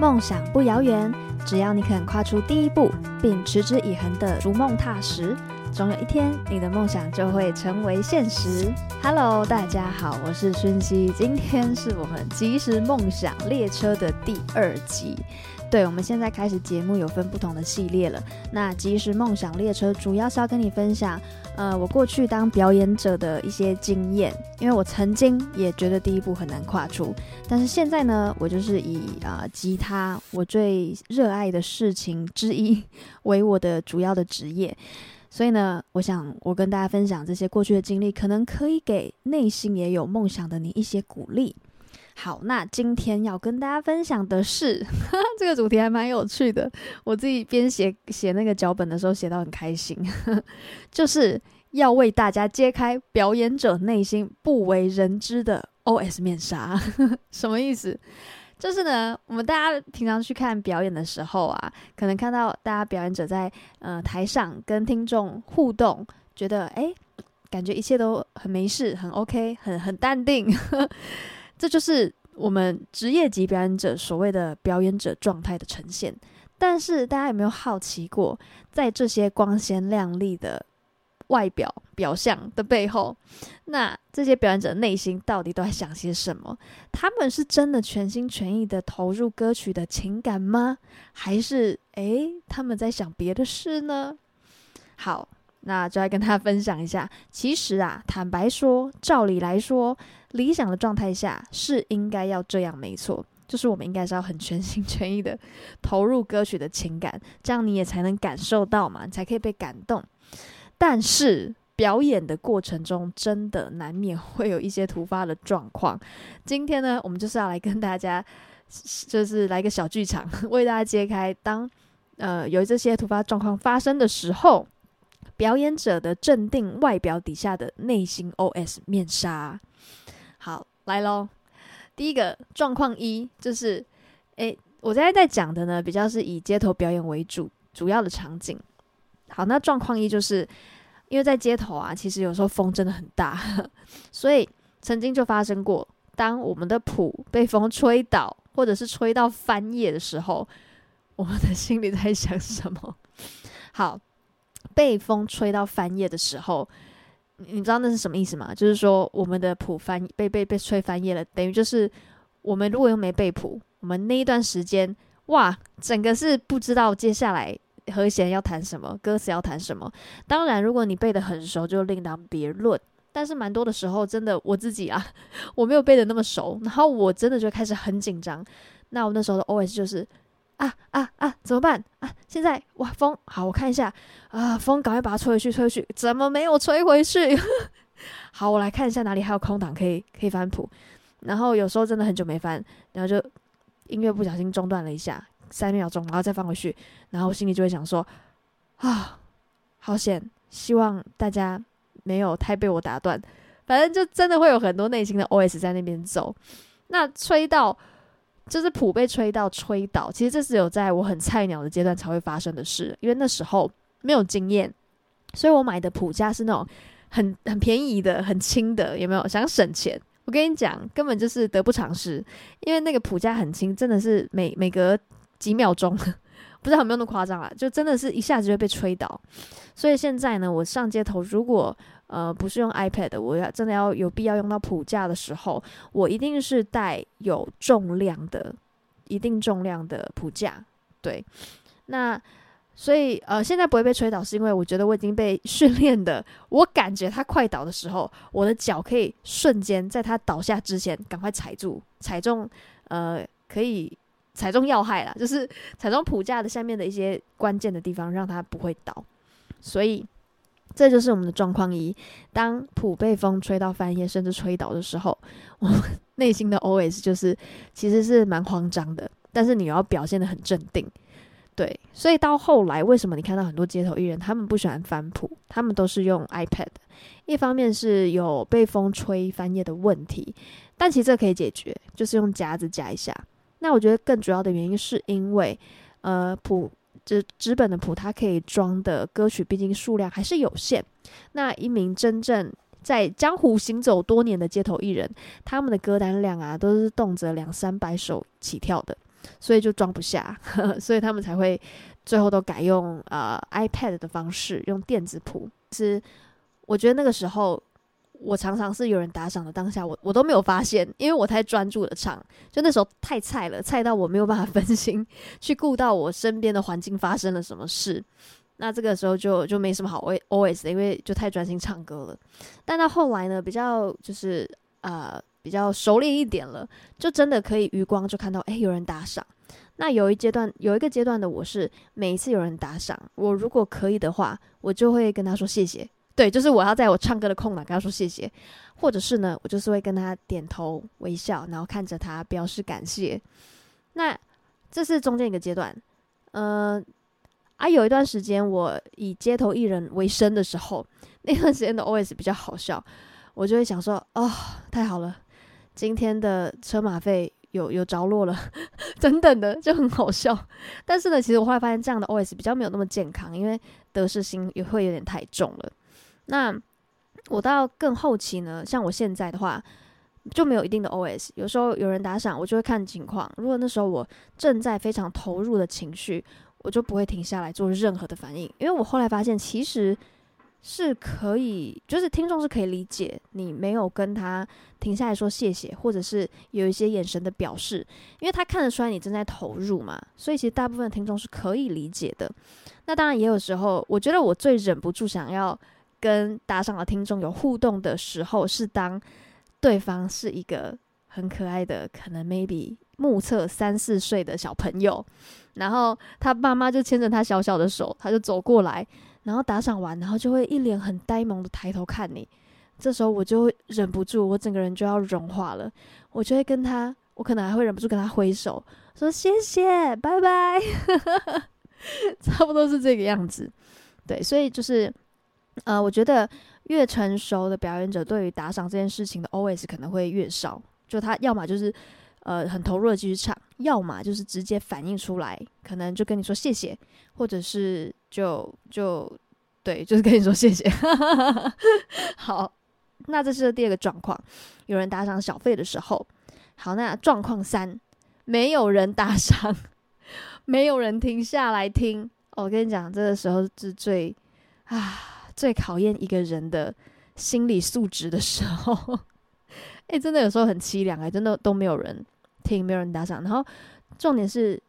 夢想不遙遠，只要你肯跨出第一步，並持之以恆的逐夢踏實，總有一天你的夢想就會成為現實。Hello，大家好，我是薰希，今天是我們吉時夢想列車的第二集。對，我們現在開始節目有分不同的系列了。那吉時夢想列車主要是要跟你分享，呃，我過去當表演者的一些經驗，因為我曾經也覺得第一步很難跨出，但是現在呢，我就是以啊、呃、吉他我最熱愛的事情之一為我的主要的職業，所以呢，我想我跟大家分享這些過去的經歷，可能可以給內心也有夢想的你一些鼓勵。好，那今天要跟大家分享的是，呵呵，這個主題還蠻有趣的。我自己邊寫寫那個腳本的時候，寫到很開心呵呵，就是要為大家揭開表演者內心不為人知的 OS 面紗。什麼意思？就是呢，我們大家平常去看表演的時候啊，可能看到大家表演者在呃台上跟聽眾互動，覺得哎、欸，感覺一切都很沒事，很 OK，很很淡定，呵呵這就是。我們職業級表演者，所謂的表演者狀態的呈現，但是大家有沒有好奇過，在這些光鮮亮麗的外表表象的背後，那這些表演者內心到底都在想些什麼？他們是真的全心全意的投入歌曲的情感嗎？還是誒、欸，他們在想別的事呢？好。那就來跟大家分享一下，其實啊，坦白說，照理來說，理想的狀態下是應該要這樣，沒錯，就是我們應該是要很全心全意的投入歌曲的情感，這樣你也才能感受到嘛，你才可以被感動。但是表演的過程中，真的難免會有一些突發的狀況。今天呢，我們就是要來跟大家，就是來個小劇場，為大家揭開，當，呃，有這些突發狀況發生的時候，表演者的鎮定外表底下的內心 OS 面紗，好，來嘍。第一個狀況一就是，誒、欸，我現在在講的呢，比較是以街頭表演為主，主要的場景。好，那狀況一就是，因為在街頭啊，其實有時候風真的很大，呵呵。所以曾經就發生過，當我們的譜被風吹倒，或者是吹到翻頁的時候，我們的心裡在想什麼？ 好。被風吹到翻頁的時候，你知道那是什麼意思嗎？就是說我們的譜翻被被被吹翻頁了，等於就是我們如果又沒背譜，我們那一段時間哇，整個是不知道接下來和弦要彈什麼，歌詞要彈什麼。當然，如果你背得很熟，就另當別論。但是蠻多的時候，真的我自己啊，我沒有背得那麼熟，然後我真的就開始很緊張。那我那時候的 OS 就是。啊啊啊！怎麼辦啊？現在哇，風好，我看一下啊，風，趕快把它吹回去，吹回去。怎麼沒有吹回去？ 好，我來看一下哪裡還有空檔，可以可以翻譜。然後有時候真的很久沒翻，然後就音樂不小心中斷了一下三秒鐘，然後再放回去，然後心裡就會想說啊，好險，希望大家沒有太被我打斷。反正就真的會有很多內心的 OS 在那邊走。那吹到。就是譜被吹到吹倒。其實這只有在我很菜鳥的階段才會發生的事，因為那時候沒有經驗，所以我買的譜架是那種很很便宜的、很輕的，有沒有？想省錢，我跟你講，根本就是得不償失，因為那個譜架很輕，真的是每每隔幾秒鐘，呵呵，不知道有沒有那麼誇張啊？就真的是一下子就被吹倒，所以現在呢，我上街頭如果呃，不是用 iPad 的，我要真的要有必要用到譜架的時候，我一定是帶有重量的，一定重量的譜架。對，那所以呃，現在不會被吹倒，是因為我覺得我已經被訓練的，我感覺它快倒的時候，我的腳可以瞬間在它倒下之前趕快踩住，踩中呃，可以踩中要害啦，就是踩中譜架的下面的一些關鍵的地方，讓它不會倒。所以。這就是我們的狀況一，當譜被風吹到翻頁甚至吹倒的時候，我們內心的 OS 就是其實是蠻慌張的，但是你要表現得很鎮定，對。所以到後來，為什麼你看到很多街頭藝人他們不喜歡翻譜，他們都是用 iPad，一方面是有被風吹翻頁的問題，但其實這可以解決，就是用夾子夾一下。那我覺得更主要的原因是因為，呃，譜。是紙本的譜，它可以裝的歌曲，畢竟數量還是有限。那一名真正在江湖行走多年的街頭藝人，他們的歌單量啊，都是動輒兩三百首起跳的，所以就裝不下呵呵，所以他們才會最後都改用呃 iPad 的方式，用電子譜。是，我覺得那個時候。我常常是有人打賞的當下，我我都沒有發現，因為我太專注的唱，就那時候太菜了，菜到我沒有辦法分心去顧到我身邊的環境發生了什麼事。那這個時候就就沒什麼好 OS 的，always, 因為就太專心唱歌了。但到後來呢，比較就是呃比較熟練一點了，就真的可以餘光就看到，哎，有人打賞。那有一階段有一個階段的我是每一次有人打賞，我如果可以的話，我就會跟他說謝謝。對，就是我要在我唱歌的空檔跟他說謝謝，或者是呢，我就是會跟他點頭微笑，然後看着他表示感謝。那這是中間一個階段，呃，啊，有一段時間我以街頭藝人為生的時候，那段時間的 OS 比較好笑，我就會想說，哦，太好了，今天的車馬費有有着落了， 等等的，就很好笑。但是呢，其實我後來發現這樣的 OS 比較沒有那麼健康，因為得失心也會有點太重了。那我到更後期呢，像我現在的話，就沒有一定的 OS。有時候有人打賞，我就會看情況。如果那時候我正在非常投入的情緒，我就不會停下來做任何的反應。因為我後來發現，其實是可以，就是聽眾是可以理解你沒有跟他停下來說謝謝，或者是有一些眼神的表示，因為他看得出來你正在投入嘛。所以其實大部分聽眾是可以理解的。那當然也有時候，我覺得我最忍不住想要跟打賞的聽眾有互動的時候，是當對方是一個很可愛的，可能 maybe 目測三四歲的小朋友，然後他爸媽就牽着他小小的手，他就走過來，然後打賞完，然後就會一臉很呆萌的抬頭看你，這時候我就忍不住，我整個人就要融化了，我就會跟他，我可能還會忍不住跟他揮手，說謝謝，拜拜， 差不多是這個樣子，對，所以就是。呃，我覺得越成熟的表演者，對於打賞這件事情的 OS 可能會越少。就他要麼就是呃很投入的繼續唱，要麼就是直接反應出來，可能就跟你說謝謝，或者是就就對，就是跟你說謝謝。 好，那這是第二個狀況，有人打賞小費的時候。好，那狀況三，沒有人打賞， 沒有人停下來聽。我跟你講，這個時候是最啊。最考驗一個人的心理素質的時候， 誒、欸，真的有時候很淒涼，欸，誒，真的都沒有人聽，沒有人打賞。然後，重點是，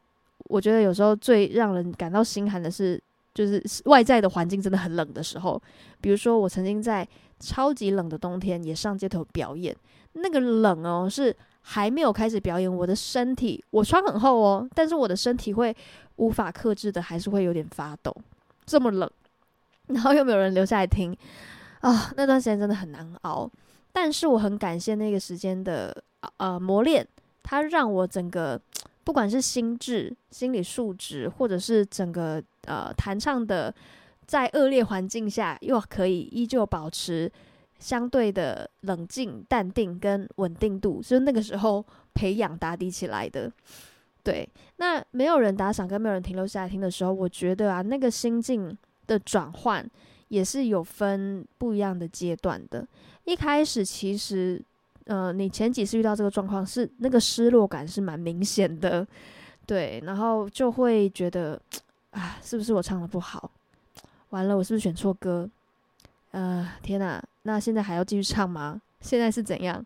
我覺得有時候最讓人感到心寒的是，就是外在的環境真的很冷的時候。比如說，我曾經在超級冷的冬天也上街頭表演，那個冷哦，是還沒有開始表演，我的身體我穿很厚哦，但是我的身體會無法克制的，還是會有點發抖。這麼冷。然後又沒有人留下來聽啊，哦，那段時間真的很難熬，但是我很感謝那個時間的呃磨練，它讓我整個不管是心智、心理素質，或者是整個呃彈唱的，在惡劣環境下又可以依舊保持相對的冷靜、淡定跟穩定度，就是那個時候培養打底起來的。對，那沒有人打賞跟沒有人停留下來聽的時候，我覺得啊，那個心境。的轉換也是有分不一樣的階段的。一開始其實，呃，你前幾次遇到這個狀況是那個失落感是蠻明顯的，對，然後就會覺得，啊，是不是我唱得不好？完了，我是不是選錯歌？呃，天哪、啊，那現在還要繼續唱嗎？現在是怎樣？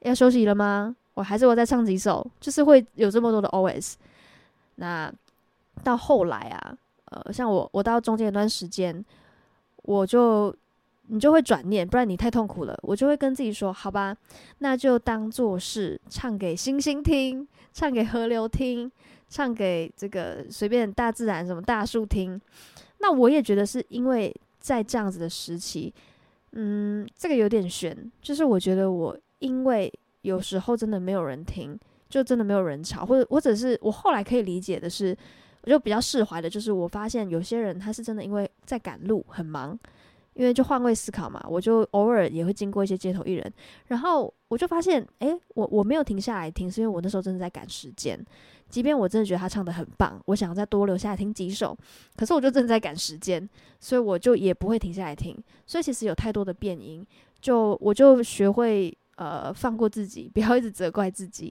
要休息了嗎？我還是我再唱幾首，就是會有這麼多的 OS。那到後來啊。呃，像我，我到中間一段時間，我就你就會轉念，不然你太痛苦了，我就會跟自己說，好吧，那就當做是唱給星星聽，唱給河流聽，唱給這個隨便大自然什麼大樹聽。那我也覺得是因為在這樣子的時期，嗯，這個有點玄，就是我覺得我因為有時候真的沒有人聽，就真的沒有人吵，或者或者是我後來可以理解的是。我就比較釋懷的，就是我發現有些人他是真的因為在趕路很忙，因為就換位思考嘛，我就偶爾也會經過一些街頭藝人，然後我就發現，誒、欸，我我沒有停下來聽，是因為我那時候真的在趕時間，即便我真的覺得他唱得很棒，我想要再多留下來聽幾首，可是我就正在趕時間，所以我就也不會停下來聽，所以其實有太多的變音，就我就學會呃放過自己，不要一直責怪自己。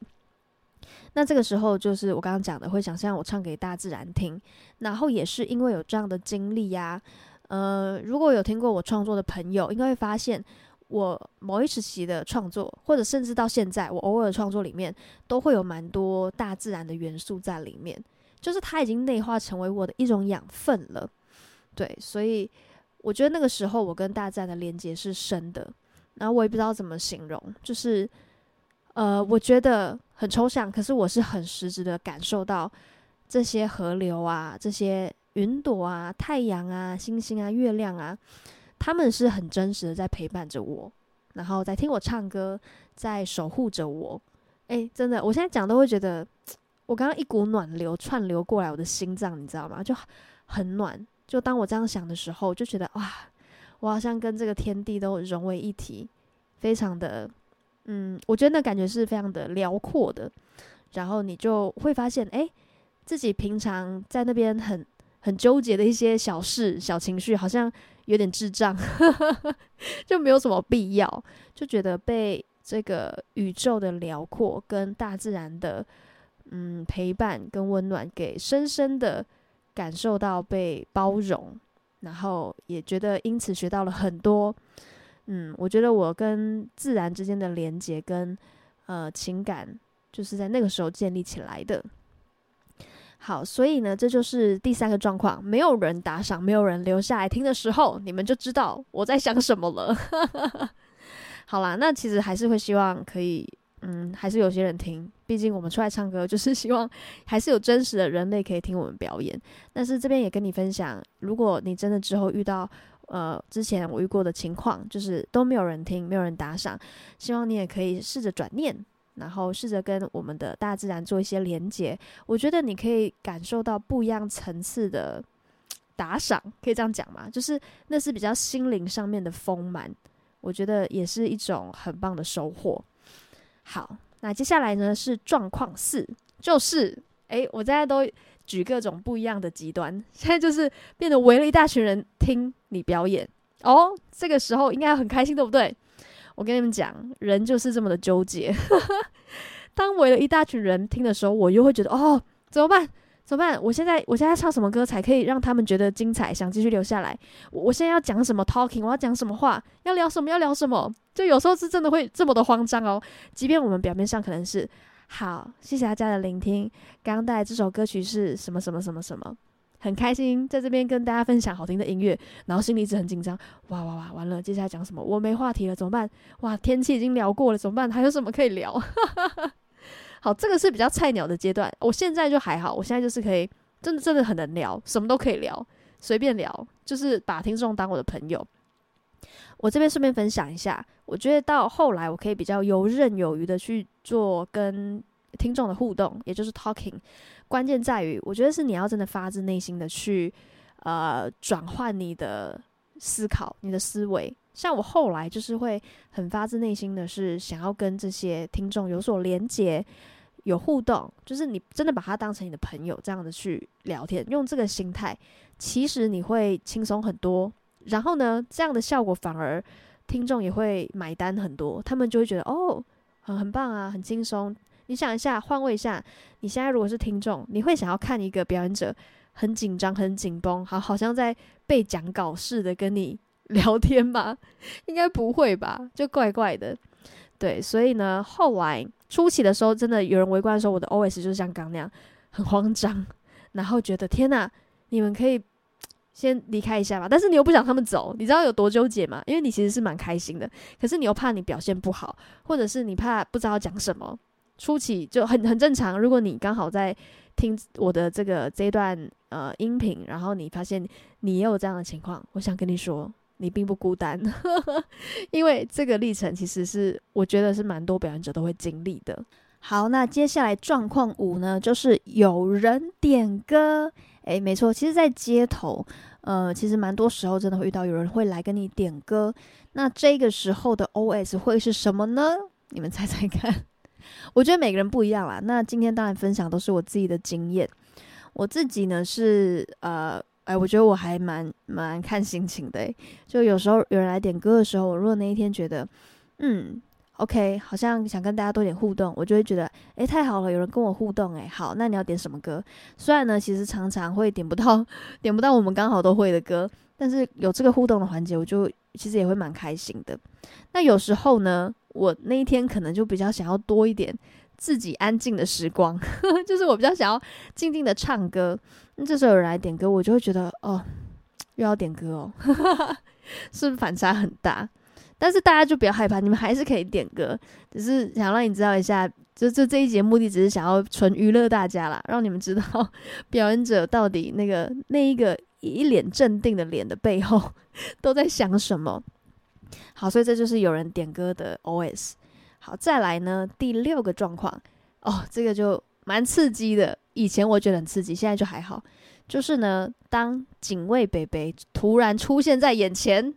那這個時候就是我剛剛講的，會想象我唱給大自然聽，然後也是因為有這樣的經歷呀、啊。呃，如果有聽過我創作的朋友，應該會發現我某一時期的創作，或者甚至到現在我偶爾創作裡面，都會有蠻多大自然的元素在裡面，就是它已經內化成為我的一種養分了。對，所以我覺得那個時候我跟大自然的連接是深的，然後我也不知道怎麼形容，就是。呃，我覺得很抽象，可是我是很實質的感受到這些河流啊，這些雲朵啊，太陽啊，星星啊，月亮啊，他們是很真實的在陪伴着我，然後在聽我唱歌，在守護着我。誒、欸，真的，我現在講都會覺得，我剛剛一股暖流串流過來我的心臟，你知道嗎？就很暖。就當我這樣想的時候，就覺得哇，我好像跟這個天地都融為一體，非常的。嗯，我覺得那感覺是非常的遼闊的，然後你就會發現，哎，自己平常在那邊很很糾結的一些小事、小情緒，好像有點智障，呵呵呵，就沒有什麼必要，就覺得被這個宇宙的遼闊跟大自然的嗯陪伴跟溫暖，給深深的感受到被包容，然後也覺得因此學到了很多。嗯，我覺得我跟自然之間的連接跟呃情感，就是在那個時候建立起來的。好，所以呢，這就是第三個狀況：沒有人打賞，沒有人留下來聽的時候，你們就知道我在想什麼了。 好啦，那其實還是會希望可以，嗯，還是有些人聽，畢竟我們出來唱歌就是希望還是有真實的人類可以聽我們表演。但是這邊也跟你分享，如果你真的之後遇到。呃，之前我遇過的情況就是都沒有人聽，沒有人打賞。希望你也可以試着轉念，然後試着跟我們的大自然做一些連接。我覺得你可以感受到不一樣層次的打賞，可以這樣講嗎？就是那是比較心靈上面的豐滿，我覺得也是一種很棒的收穫。好，那接下來呢是狀況四，就是誒，我在都。舉各種不一樣的極端，現在就是變得圍了一大群人聽你表演哦，這個時候應該很開心，對不對？我跟你們講，人就是這麼的糾結。 當圍了一大群人聽的時候，我又會覺得哦，怎麼辦？怎麼辦？我現在我現在唱什麼歌才可以讓他們覺得精彩，想繼續留下來？我，我現在要講什麼 talking？我要講什麼話？要聊什麼？要聊什麼？就有時候是真的會這麼的慌張哦，即便我們表面上可能是。好，謝謝大家的聆聽。剛剛帶來這首歌曲是什麼什麼什麼什麼，很開心在這邊跟大家分享好聽的音樂。然後心裡一直很緊張，哇哇哇，完了，接下來講什麼？我沒話題了，怎麼辦？哇，天氣已經聊過了，怎麼辦？還有什麼可以聊？ 好，這個是比較菜鳥的階段。我現在就還好，我現在就是可以，真的真的很能聊，什麼都可以聊，隨便聊，就是把聽眾當我的朋友。我這邊順便分享一下，我覺得到後來我可以比較游刃有餘的去做跟聽眾的互動，也就是 talking。關鍵在於，我覺得是你要真的發自內心的去，呃，轉換你的思考、你的思維。像我後來就是會很發自內心的，是想要跟這些聽眾有所連接、有互動，就是你真的把他當成你的朋友，這樣子去聊天，用這個心態，其實你會輕鬆很多。然後呢，這樣的效果反而聽眾也會買單很多，他們就會覺得哦，很、嗯、很棒啊，很輕鬆。你想一下，換位一下，你現在如果是聽眾，你會想要看一個表演者很緊張、很緊繃，好，好像在背講稿似的跟你聊天嗎？應該不會吧，就怪怪的。對，所以呢，後來初期的時候，真的有人圍觀的時候，我的 OS 就是像剛那樣很慌張，然後覺得天哪，你們可以。先離開一下吧，但是你又不想他們走，你知道有多糾結嗎？因為你其實是蠻開心的，可是你又怕你表現不好，或者是你怕不知道講什麼。初期就很很正常。如果你剛好在聽我的這個這一段呃音頻，然後你發現你也有這樣的情況，我想跟你說，你並不孤單， 因為這個歷程其實是我覺得是蠻多表演者都會經歷的。好，那接下來狀況五呢，就是有人點歌。誒、欸，沒錯，其實，在街頭，呃，其實蠻多時候真的會遇到有人會來跟你點歌。那這個時候的 OS 會是什麼呢？你們猜猜看。 我覺得每個人不一樣啦。那今天當然分享都是我自己的經驗。我自己呢是，呃，哎、欸，我覺得我還蠻蠻看心情的、欸。就有時候有人來點歌的時候，我如果那一天覺得，嗯。OK，好像想跟大家多點互動，我就會覺得，哎、欸，太好了，有人跟我互動，哎，好，那你要點什麼歌？雖然呢，其實常常會點不到，點不到我們剛好都會的歌，但是有這個互動的環節，我就其實也會蠻開心的。那有時候呢，我那一天可能就比較想要多一點自己安靜的時光，呵呵，就是我比較想要靜靜的唱歌。那這時候有人來點歌，我就會覺得，哦，又要點歌哦，呵呵，是不是反差很大？但是大家就不要害怕，你們還是可以點歌，只是想讓你知道一下，就就這一節目的目的只是想要純娛樂大家啦，讓你們知道表演者到底那個那一個一臉鎮定的臉的背後都在想什麼。好，所以這就是有人點歌的 OS。好，再來呢，第六個狀況哦，這個就蠻刺激的，以前我覺得很刺激，現在就還好。就是呢，當警衛北北突然出現在眼前。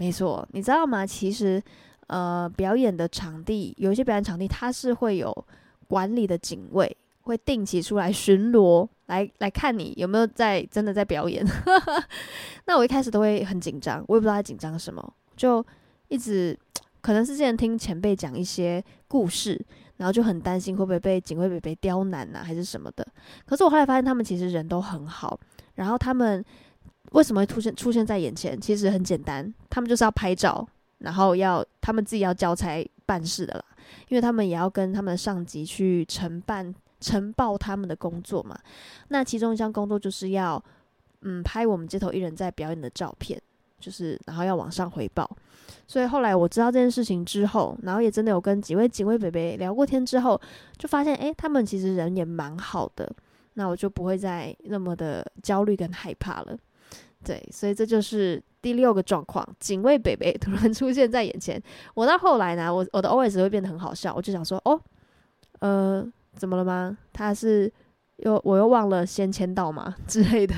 沒錯，你知道嗎？其實，呃，表演的場地有一些表演場地，它是會有管理的警衛，會定期出來巡邏，來來看你有沒有在真的在表演。 那我一開始都會很緊張，我也不知道在緊張什麼，就一直可能是之前聽前輩講一些故事，然後就很擔心會不會被警衛被被刁難啊，還是什麼的。可是我後來發現他們其實人都很好，然後他們。為什麼會出現出現在眼前？其實很簡單，他們就是要拍照，然後要他們自己要交差辦事的啦，因為他們也要跟他們的上級去承辦、呈報他們的工作嘛。那其中一項工作就是要嗯拍我們街頭藝人在表演的照片，就是然後要往上回報。所以後來我知道這件事情之後，然後也真的有跟幾位警衛北北聊過天之後，就發現哎，他們其實人也蠻好的，那我就不會再那麼的焦慮跟害怕了。對，所以這就是第六個狀況，警衛北北突然出現在眼前。我到後來呢，我我的 OS 會變得很好笑。我就想說，哦，呃，怎麼了嗎？他是又我又忘了先簽到嗎之類的？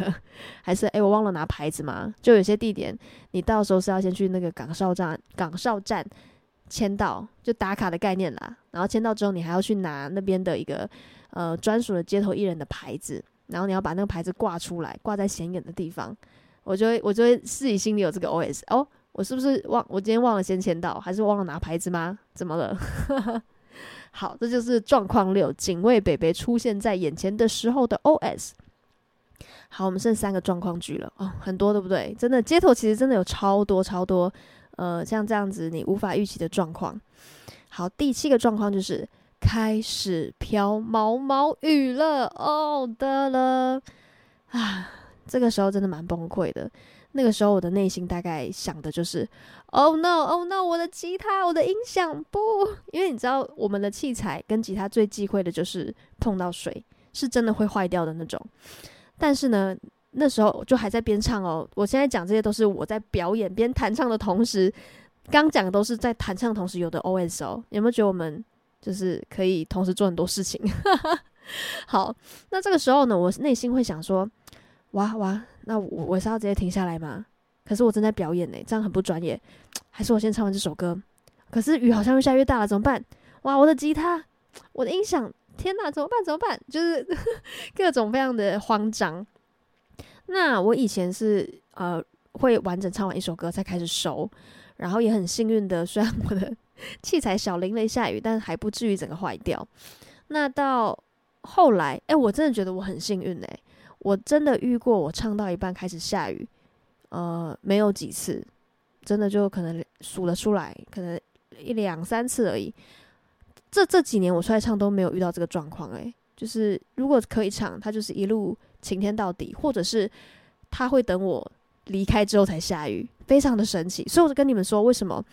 還是哎、欸，我忘了拿牌子嗎？就有些地點，你到時候是要先去那個崗哨站，崗哨站簽到，就打卡的概念啦。然後簽到之後，你還要去拿那邊的一個呃專屬的街頭藝人的牌子，然後你要把那個牌子掛出來，掛在顯眼的地方。我就會，我就會自己心裡有這個 OS 哦，我是不是忘，我今天忘了先簽到，還是忘了拿牌子嗎？怎麼了？ 好，這就是狀況六，警衛北北出現在眼前的時候的 OS。好，我們剩三個狀況局了哦，很多對不對？真的街頭其實真的有超多超多，呃，像這樣子你無法預期的狀況。好，第七個狀況就是開始飄毛毛雨了哦，得了啊。這個時候真的蠻崩潰的。那個時候我的內心大概想的就是：“Oh no, Oh no！我的吉他，我的音響不……因為你知道，我們的器材跟吉他最忌諱的就是碰到水，是真的會壞掉的那種。”但是呢，那時候就還在邊唱哦。我現在講這些都是我在表演邊彈唱的同時，剛講的都是在彈唱同時有的 OS 哦，有沒有覺得我們就是可以同時做很多事情？ 好，那這個時候呢，我內心會想說。哇哇，那我，我是要直接停下來嗎？可是我正在表演呢、欸，這樣很不專業。還是我先唱完這首歌？可是雨好像越下越大了，怎麼辦？哇，我的吉他，我的音響，天哪，怎麼辦？怎麼辦？就是各種各樣的慌張。那我以前是呃，會完整唱完一首歌才開始收，然後也很幸運的，雖然我的器材小淋了一下雨，但還不至於整個壞掉。那到後來，哎、欸，我真的覺得我很幸運呢、欸。我真的遇過，我唱到一半開始下雨，呃，沒有幾次，真的就可能數得出來，可能一兩三次而已。這這幾年我出來唱都沒有遇到這個狀況，誒，就是如果可以唱，它就是一路晴天到底，或者是它會等我離開之後才下雨，非常的神奇。所以我就跟你們說，為什麼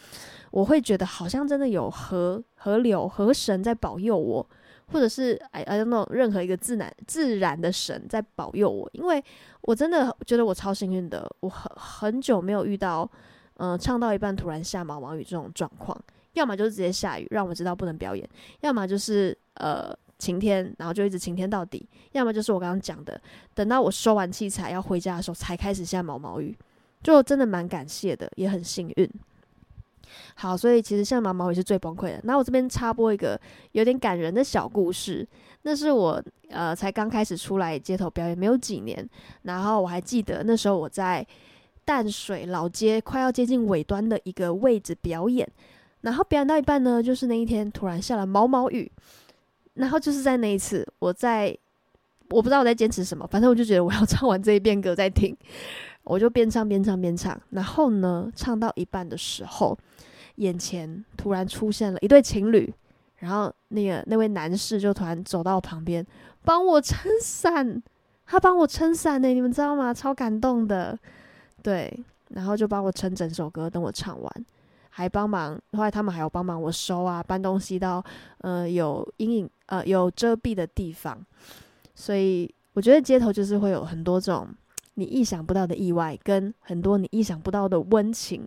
我會覺得好像真的有河、河流、河神在保佑我。或者是哎，哎那種任何一個自然自然的神在保佑我，因為我真的覺得我超幸運的，我很很久沒有遇到嗯、呃，唱到一半突然下毛毛雨這種狀況，要麼就是直接下雨讓我知道不能表演，要麼就是呃晴天，然後就一直晴天到底，要麼就是我剛剛講的，等到我收完器材要回家的時候才開始下毛毛雨，就真的蠻感謝的，也很幸運。好，所以其實現在毛毛雨是最崩潰的。那我這邊插播一個有點感人的小故事，那是我呃才剛開始出來街頭表演沒有幾年，然後我還記得那時候我在淡水老街快要接近尾端的一個位置表演，然後表演到一半呢，就是那一天突然下了毛毛雨，然後就是在那一次，我在我不知道我在堅持什麼，反正我就覺得我要唱完這一遍歌再停。我就邊唱邊唱邊唱，然後呢，唱到一半的時候，眼前突然出現了一對情侶，然後那個那位男士就突然走到我旁邊幫我撐傘，他幫我撐傘呢，你們知道嗎？超感動的，對，然後就幫我撐整首歌，等我唱完，還幫忙後來他們還有幫忙我收啊，搬東西到呃有陰影呃有遮蔽的地方，所以我覺得街頭就是會有很多這種。你意想不到的意外，跟很多你意想不到的溫情，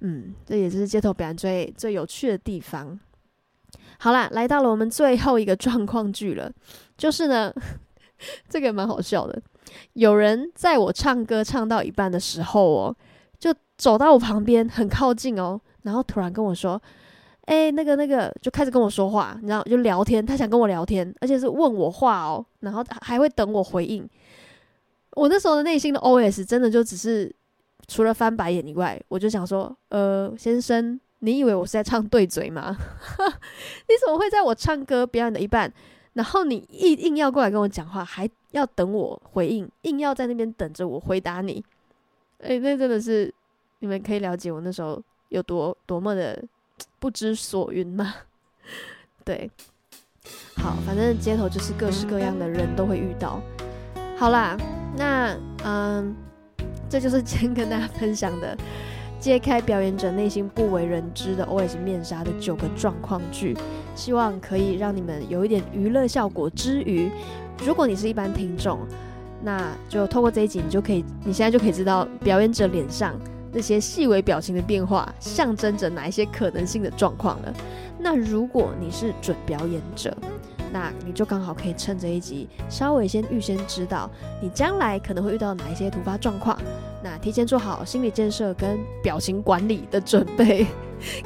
嗯，這也就是街頭表演最最有趣的地方。好啦，來到了我們最後一個狀況劇了，就是呢，這個也蠻好笑的。有人在我唱歌唱到一半的時候哦，就走到我旁邊，很靠近哦，然後突然跟我說：“哎、欸，那個那個，就開始跟我說話，然後就聊天。他想跟我聊天，而且是問我話哦，然後還會等我回應。”我那時候的內心的 OS 真的就只是除了翻白眼以外，我就想說，呃，先生，你以為我是在唱對嘴嗎？ 你怎麼會在我唱歌表演的一半，然後你硬硬要過來跟我講話，還要等我回應，硬要在那邊等着我回答你？誒、欸，那真的是你們可以了解我那時候有多多麼的不知所云嗎？對，好，反正街頭就是各式各樣的人都會遇到。好啦。那嗯，這就是今天跟大家分享的，揭開表演者內心不為人知的 OS 面紗的九個狀況劇，希望可以讓你們有一點娛樂效果之餘，如果你是一般聽眾，那就透過這一集，你就可以，你現在就可以知道表演者臉上那些細微表情的變化，象徵着哪一些可能性的狀況了。那如果你是準表演者，那你就剛好可以趁這一集稍微先預先知道你將來可能會遇到哪一些突發狀況，那提前做好心理建設跟表情管理的準備，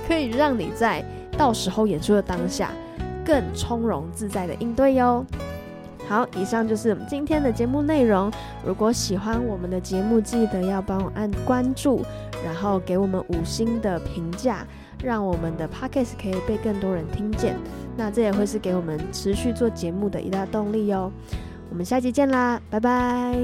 可以讓你在到時候演出的當下更從容自在的應對喲。好，以上就是我們今天的節目內容。如果喜歡我們的節目，記得要幫我按關注，然後給我們五星的評價。讓我們的 Podcast 可以被更多人聽見，那這也會是給我們持續做節目的一大動力哦。我們下期見啦，拜拜。